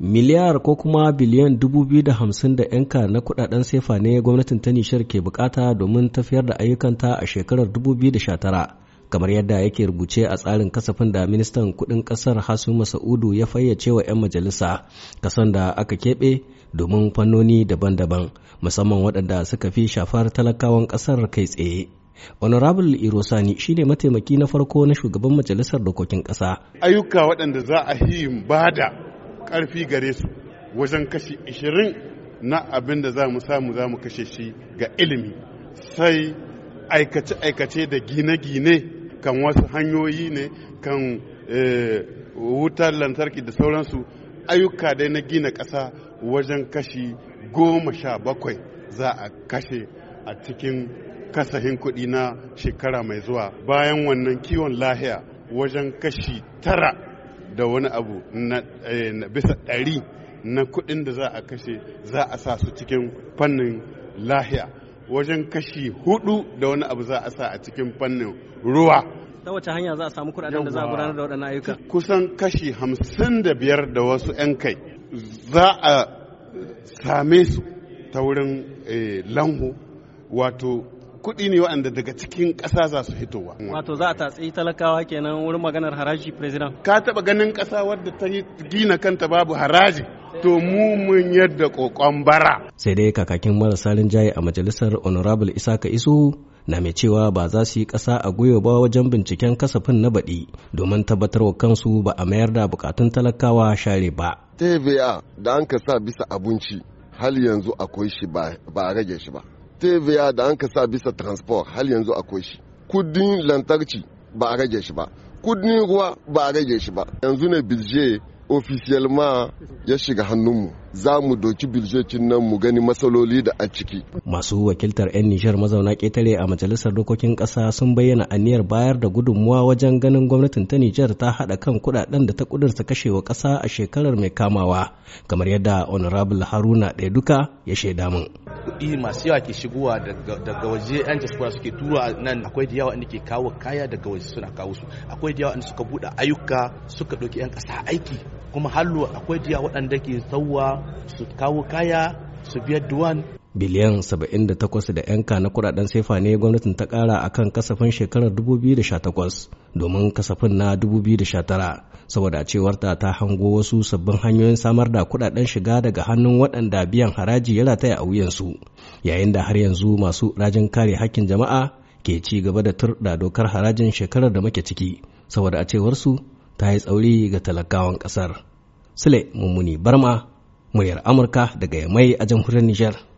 miliyar ko kuma biliyan dubu biyu da hamsin da yanka na kudaden sefa ne gwamnatin ta nishar ke bukata domin tafiyar da ayyukanta a shekarar dubu biyu da tara, kamar yadda yake rubuce a tsarin kasafin da ministan kudin kasar hasu masa'udu ya fayyace wa 'yan majalisa kasan da aka keɓe domin fannoni daban-daban musamman waɗanda suka fi shafar talakawan kasar kai tsaye honorable irosani shine mataimaki na farko na shugaban majalisar dokokin ƙasa ayyuka waɗanda za a yi bada karfi gare su wajen kashi ishirin na abin da za mu samu za mu kashe shi ga ilimi sai aikace-aikace da gine-gine kan wasu hanyoyi ne kan eh, wutar lantarki da sauransu ayyuka dai na gina ƙasa wajen kashi goma sha bakwai za a kashe a cikin kasahin kuɗi na shekara mai zuwa bayan wannan kiwon lahiya wajen kashi tara da wani abu eh, na bisa ɗari na kuɗin da za a kashe za a sa su cikin fannin lahiya wajen kashi hudu da wani abu za a sa a cikin fannin ruwa ta wace hanya za a samu kuɗaɗen da za a gudanar da waɗannan ayyuka kusan kashi hamsin da biyar da wasu 'yan kai za a same su ta wurin eh, lanhu wato kuɗi ne waɗanda daga cikin ƙasa za su fitowa. Wato za a tatsi talakawa kenan wurin maganar haraji president. Ka taɓa ganin ƙasa wadda ta yi gina kanta babu haraji. To mu mun yadda ƙoƙon bara. Sai dai kakakin marasa rinjaye a majalisar Honorable Isaka Isu na mai cewa ba za su yi ƙasa a gwiwa ba wajen binciken kasafin na baɗi domin tabbatar wa kansu ba a mayar da buƙatun talakawa share ba. TVA da an ka sa bisa abinci hal yanzu akwai shi ba a rage shi ba. tevia da an ka sa bisa transport hal yanzu akwai shi kudin lantarki ba a rage shi ba kudin ruwa ba a rage shi ba yanzu ne bilje ofisiyal ma ya shiga hannunmu za mu doki biljocin nan mu gani matsaloli da a ciki. Masu wakiltar 'yan Nijar mazauna ketare a Majalisar Dokokin Ƙasa sun bayyana aniyar bayar da gudunmuwa wajen ganin gwamnatin ta Nijar ta haɗa kan kuɗaɗen da ta kashe kashewa ƙasa a shekarar mai kamawa, kamar yadda Honorable Haruna duka ya shaida min. kuɗi masu yawa ke shigowa daga waje yan diaspora suke tura nan akwai da yawa inda ke kawo kaya daga waje suna kawo su akwai da yawa inda suka buɗe ayyuka suka ɗauki yan ƙasa aiki kuma hallo akwai da yawa waɗanda ke sauwa su kawo kaya su biya duwan biliyan 78 da yanka na kudaden sefa ne gwamnatin ta kara a kan kasafin shekarar 2018 domin kasafin na 2019 saboda cewar ta ta hango wasu sabbin hanyoyin samar da kudaden shiga daga hannun waɗanda biyan haraji ya rataya a wuyansu yayin da har yanzu masu rajin kare hakkin jama'a ke ci gaba da turɗa dokar harajin shekarar da muke ciki saboda a su ta yi tsauri ga talakawan ƙasar. Sule Mummuni Barma, muryar Amurka daga Yamai a jamhuriyar Nijar.